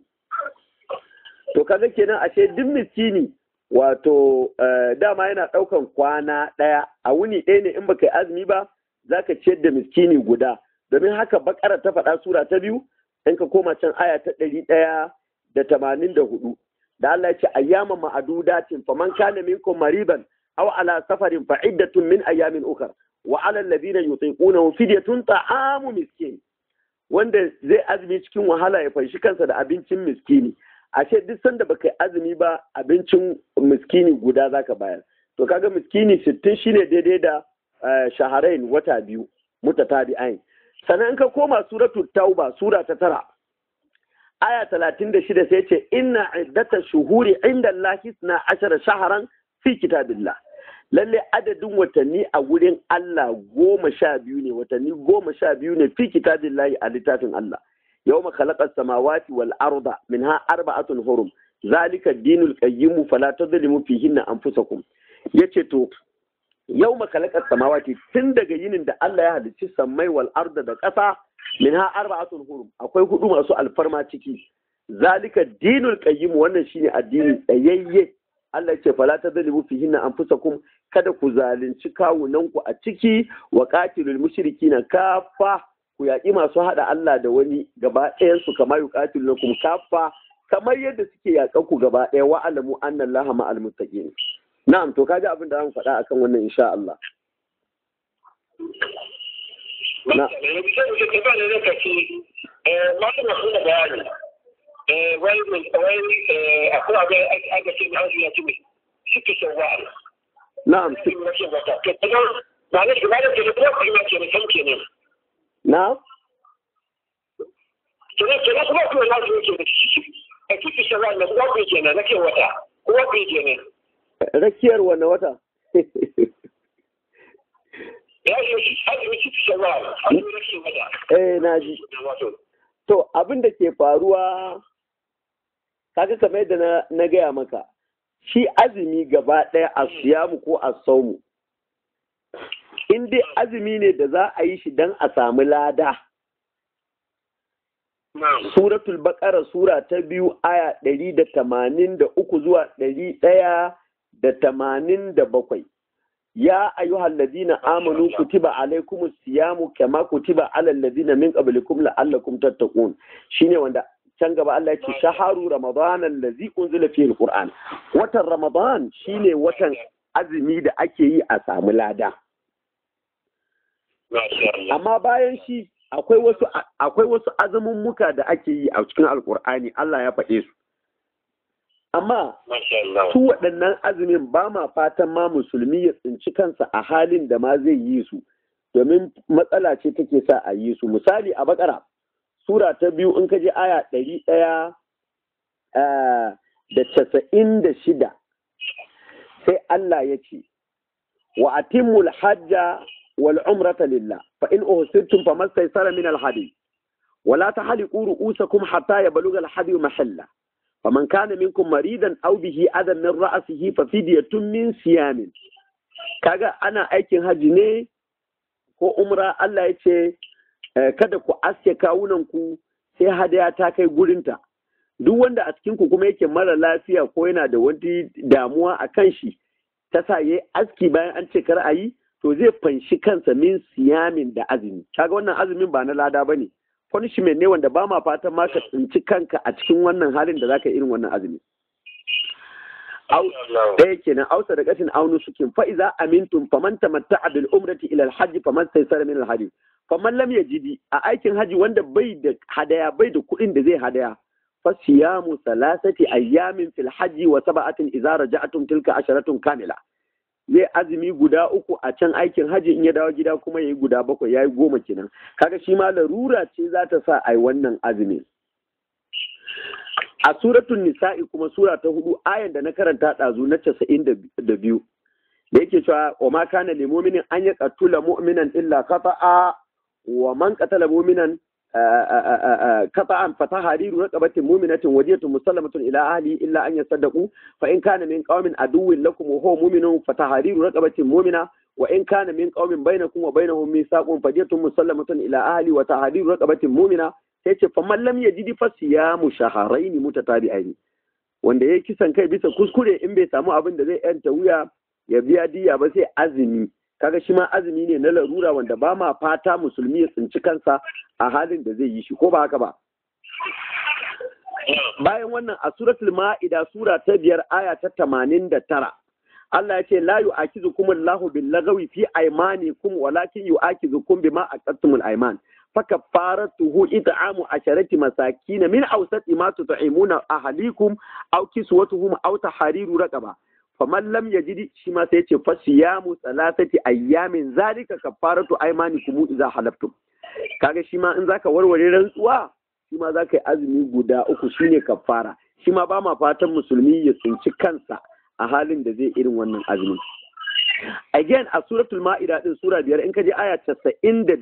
to kaga kenan ashe duk miskini wato eh, dama yana ɗaukan kwana ɗaya a wuni ɗaya ne in baka yi azumi ba za ka ciyar da miskini guda domin haka bakara ta faɗa sura ta biyu in ka koma can aya ta ɗari ɗaya da tamanin da hudu da Allah ya ce ayyama fa man kana minkum mariban aw ala safarin fa iddatun min ayamin ukhra wa ala alladhina yutiquna fidyatun ta'amu miskin wanda zai azumi cikin wahala ya fanshi kansa da abincin miskini ashe duk sanda baka yi azumi ba abincin miskini guda zaka bayar to kaga miskini sittin shine daidai da eh, shaharain wata biyu ayin sannan in ka koma suratul tauba sura ta tara aya talatin da shida sai ce inna iddata shuhuri inda lahis na ashara shaharan fi kitabillah lalle adadin watanni a wurin Allah goma sha biyu ne watanni goma sha biyu ne fi kitabillahi a littafin Allah يوم خلق السماوات والأرض منها أربعة هرم ذلك الدين dinul فلا fala فيهن أنفسكم يتشتو yace to yau makalakar samawati tun daga yinin da Allah ya منها sammai هرم da ƙasa min ha الدين القيم akwai hudu masu alfarma ciki zalika dinul qayyim wannan shine addinin tsayayye Allah ce kada ku zalunci kawunanku a ciki wa katilul mushriki na kafa ku yaƙi masu haɗa Allah da wani gaba ɗayansu kama na kuma kafa kamar yadda suke yaƙa ku gaba ɗaya wa alamu anna Allah ma'al muttaqin na'am to kaji abin da zamu faɗa akan wannan insha Allah na Na'am. Na'am. na kenan kenan kuma to na zo ke da shi a cikin shawar na kuma ke kenan nake wata kuma ke kenan rakiyar wannan wata Eh na ji. To abin da ke faruwa kaga kamar yadda na gaya maka shi azumi gaba ɗaya a siyamu ko a saumu in dai azumi ne da za a yi shi don a samu lada suratul Baƙara sura ta biyu aya ɗari da tamanin da uku zuwa ɗari ɗaya da tamanin da bakwai ya ayyuhal ladina amanu kutiba alaikum siyamu kama kutiba alal ladina min qablikum la'allakum tattaqun shine wanda can gaba Allah ce shaharu ramadan allazi unzila fihi alquran watan ramadan shine watan azumi da ake yi a samu lada amma bayan shi akwai wasu azumin muka da ake yi a cikin alkur'ani Allah ya faɗe su amma su waɗannan azumin ba ma fatan ma musulmi ya tsinci kansa a halin da ma zai yi su domin matsala ce take sa a yi su misali a bakara sura ta biyu in ka je aya ɗari ɗaya eh, da casa'in da shida sai Allah ya ce wa atimul hajja wal umrata lillah fa in uhsirtum famastaysara min al hadi ولا تحلقوا رؤوسكم حتى يبلغ ku محله فمن كان منكم مريضا او به اذى من راسه ففدية من صيام kaga ana aikin haji ne ko umra Allah ya ce eh, kada ku aske kawunan ku sai hadaya ta kai gurinta duk wanda a cikin ku kuma yake mara lafiya ko yana da wani damuwa a kan shi ta sa yayi aski bayan an ce kar a yi to zai fanshi kansa min siyamin da azumi kaga wannan azumin ba na lada ba bane punishment ne wanda ba ma fatan ma ka tsinci kanka a cikin wannan halin da zaka irin wannan azumi ɗaya kenan ausa da ƙashin aunu sukin fa iza amintum faman tamatta'a bil umrati ila al hajj faman saysara min al faman lam yajidi a aikin haji wanda bai da hadaya bai da kuɗin da zai hadaya fa siyamu salasati ayyamin fil hajji wa sab'atin idza raja'tum tilka asharatun kamila zai azumi guda uku a can aikin hajji in ya dawo gida kuma ya yi guda bakwai ya yi goma kenan kaga shi ma larura ce za ta sa a yi wannan azumi a suratun nisa'i kuma sura ta hudu ayan da na karanta ɗazu na casa'in da biyu da yake cewa wa ma kana lil an an yaqtula mu'minan illa kafa'a wa man qatala mu'minan kafa an fata hariru na kabatin muminatin wajiyatu tun ila ahli illa an yasaddaku fa in kana min qaumin aduwwin lakum wa huwa muminun fata hariru na kabatin mumina wa in kana min qaumin bainakum wa bainahum misaqun fa jiyatu tun ila ahli wa tahriru na kabatin mumina sai ce fa mallam yajidi fa siyamu shahrayn mutatabi'ain wanda yi kisan kai bisa kuskure in bai samu abin da zai yanta wuya ya biya diya ba sai azumi kaga shi ma azumi ne na larura wanda ba ma fata musulmi ya tsinci kansa a halin da zai yi shi ko ba haka ba bayan wannan a suratul ma'ida sura ta biyar aya ta tamanin da tara Allah ya ce la yu'akizukum Allahu bil lagawi fi aymanikum walakin yu'akizukum bima aqattumul ayman فكفارته إطعام asharati مساكين a أوسط auki su wata أو كسوتهم hariru tahariru رقبة faman lam ya shi ma sai ce ya mu salasati ayyamin zalika kafaratu aymanikum idza halaftum kaga shi ma in zaka warware rantsuwa shi ma zaka yi azumi guda uku shine kafara shi ma ba ma fatan musulmi ya tsinci kansa a halin da zai irin wannan azumin again a suratul ma'ida din sura biyar in ka je aya casa'in da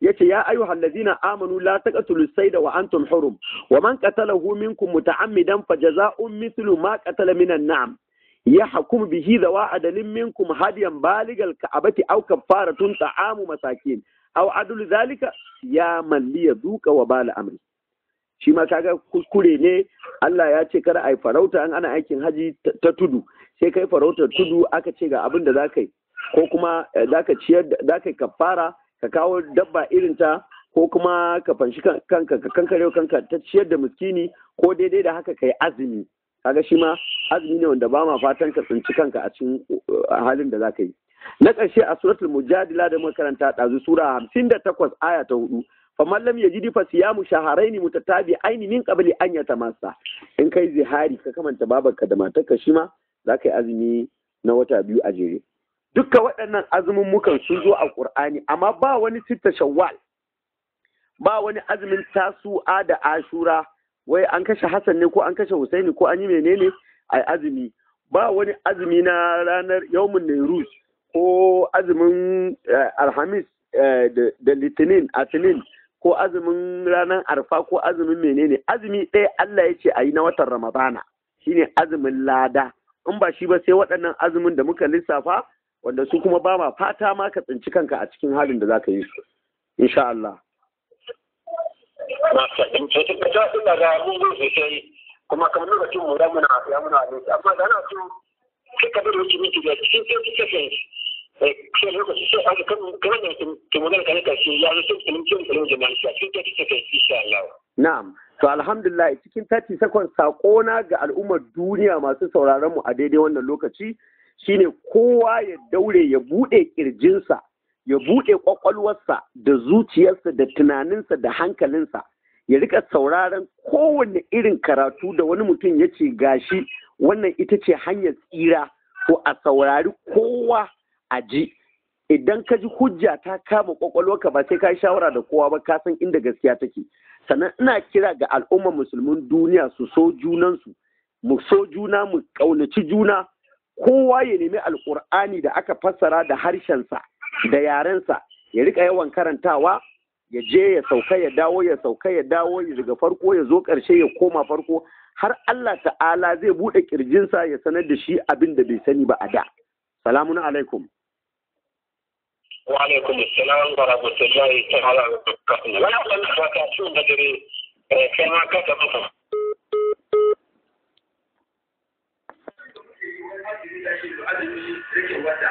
yace ya ayyuhal na amanu la taqtulu sayda wa antum hurum wa man qatalahu minkum muta'ammidan fajaza'un mithlu ma qatala minan na'am ya hakumu bihi da wa adalin minkum hadiyan baligal ka'abati aw tun ta'amu masakin aw adul zalika ya malli ya duka wa bala amri shi ma kaga kuskure ne Allah ya ce kada ai farauta an ana aikin haji ta tudu sai kai farautar tudu aka ce ga abin da zakai ko kuma eh, zaka ciyar zakai kafara ka kawo dabba irin ta ko kuma ka fanshi kanka ka kankare kanka ta ciyar da miskini ko daidai da haka kai azumi kaga shi ma azumi ne wanda ba ma fatan ka tsinci kanka a cikin halin da zaka yi na ƙarshe a suratul mujadila da makaranta ɗazu sura hamsin da takwas aya ta hudu faman lam yajidi fa siyamu shaharaini mutatabi aini min qabli an yatamassa in kai zihari ka kamanta babanka da matarka shi ma zaka yi azumi na wata biyu a jere dukka waɗannan azumin mukan sun zo a Ƙur'ani amma ba wani sitta shawwal ba wani azumin tasu'a da ashura wai an kashe Hassan ne ko an kashe Husaini ko an yi menene a azumi ba wani azumi na ranar Yaumin Nairus ko azumin eh, Alhamis eh, da Litinin Asinin ko azumin ranar Arfa ko azumin menene azumi ɗaya Allah ya ce a yi na watan Ramadana shine azumin lada in ba shi ba sai waɗannan azumin da muka lissafa wanda su kuma ba ma fata ma ka tsinci kanka a cikin halin da za ka yi su insha Allah nasa in ce ta ta ina ga mun zo sosai kuma kamar lokacin mu ya muna ya muna ne amma da na so kika da wuce miki da cikin sai kike eh, sai sai lokaci sai aka kan kan ne ki magana kan ka shi ya zo cikin mun cikin kalmar jama'a shi cikin ta kike sai insha Allah na'am to alhamdulillah cikin 30 seconds sako na ga al'ummar duniya masu sauraron mu a daidai wannan lokaci shine kowa ya daure ya bude kirjinsa ya buɗe ƙwaƙwalwarsa da zuciyarsa da tunaninsa da hankalinsa ya rika sauraron kowane irin karatu da wani mutum ya ce gashi wannan ita ce hanyar tsira ko a saurari kowa a ji idan ka ji hujja ta kama ƙwaƙwalwarka ba sai ka yi shawara da kowa ba ka san inda gaskiya take sannan ina kira ga al'ummar musulmin duniya su so junansu mu so juna mu ƙaunaci juna kowa ya nemi alƙur'ani da aka fassara da harshensa da yarensa ya rika yawan karantawa ya je ya sauka ya dawo ya sauka ya dawo daga farko ya zo ƙarshe ya koma farko har Allah ta'ala zai buɗe ƙirjinsa ya sanar da shi abin da bai sani ba a da. Salamun alaikum. Wa alaikum Wani da ta